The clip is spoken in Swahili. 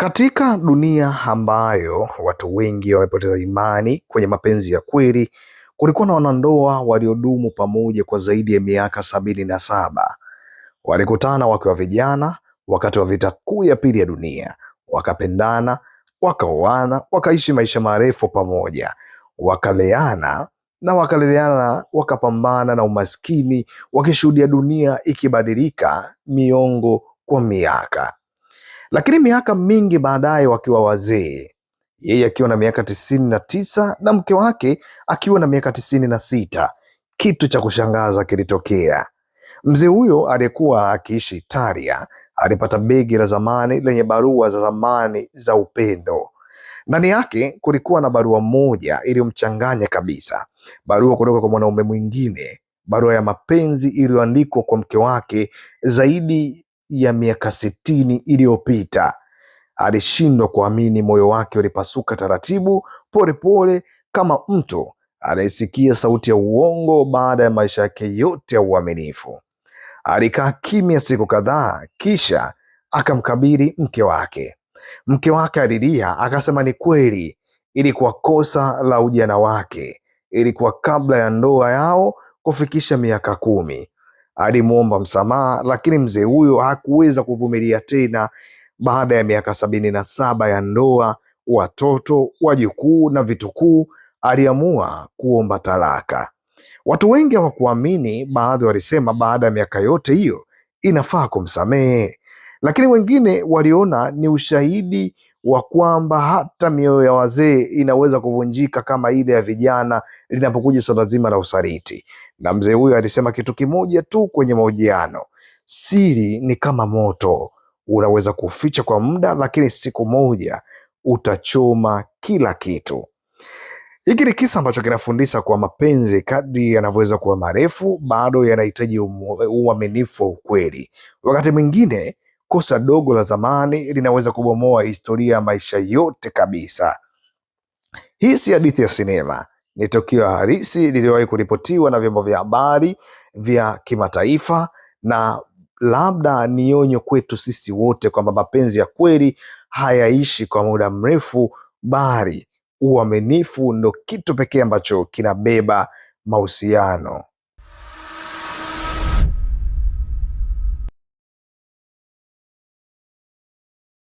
Katika dunia ambayo watu wengi wamepoteza imani kwenye mapenzi ya kweli, kulikuwa na wanandoa waliodumu pamoja kwa zaidi ya miaka sabini na saba. Walikutana wakiwa vijana wakati wa vita kuu ya pili ya dunia, wakapendana, wakaoana, wakaishi maisha marefu pamoja, wakaleana na wakaleleana, wakapambana na umaskini, wakishuhudia dunia ikibadilika miongo kwa miaka. Lakini miaka mingi baadaye, wakiwa wazee, yeye akiwa na miaka tisini na tisa na mke wake akiwa na miaka tisini na sita kitu cha kushangaza kilitokea. Mzee huyo aliyekuwa akiishi Italia alipata begi la zamani lenye barua za zamani za upendo. Ndani yake kulikuwa na barua moja iliyomchanganya kabisa, barua kutoka kwa mwanaume mwingine, barua ya mapenzi iliyoandikwa kwa mke wake zaidi ya miaka sitini iliyopita. Alishindwa kuamini, moyo wake ulipasuka taratibu, polepole kama mtu anayesikia sauti ya uongo baada ya maisha yake yote ya uaminifu. Alikaa kimya siku kadhaa, kisha akamkabiri mke wake. Mke wake alilia, akasema ni kweli, ilikuwa kosa la ujana wake, ilikuwa kabla ya ndoa yao kufikisha miaka kumi alimwomba msamaha, lakini mzee huyo hakuweza kuvumilia tena. Baada ya miaka sabini na saba ya ndoa, watoto, wajukuu na vitukuu, aliamua kuomba talaka. Watu wengi hawakuamini, baadhi walisema baada ya miaka yote hiyo inafaa kumsamehe, lakini wengine waliona ni ushahidi wa kwamba hata mioyo ya wazee inaweza kuvunjika kama ile ya vijana linapokuja swala zima la usaliti. Na mzee huyo alisema kitu kimoja tu kwenye mahojiano, siri ni kama moto, unaweza kuficha kwa muda, lakini siku moja utachoma kila kitu. Hiki ni kisa ambacho kinafundisha kwa mapenzi kadri yanavyoweza kuwa marefu, bado yanahitaji uaminifu wa ukweli. Wakati mwingine kosa dogo la zamani linaweza kubomoa historia ya maisha yote kabisa. Hii si hadithi ya sinema, ni tukio halisi lililowahi kuripotiwa na vyombo vya habari vya kimataifa, na labda ni onyo kwetu sisi wote kwamba mapenzi ya kweli hayaishi kwa muda mrefu, bali uaminifu ndo kitu pekee ambacho kinabeba mahusiano.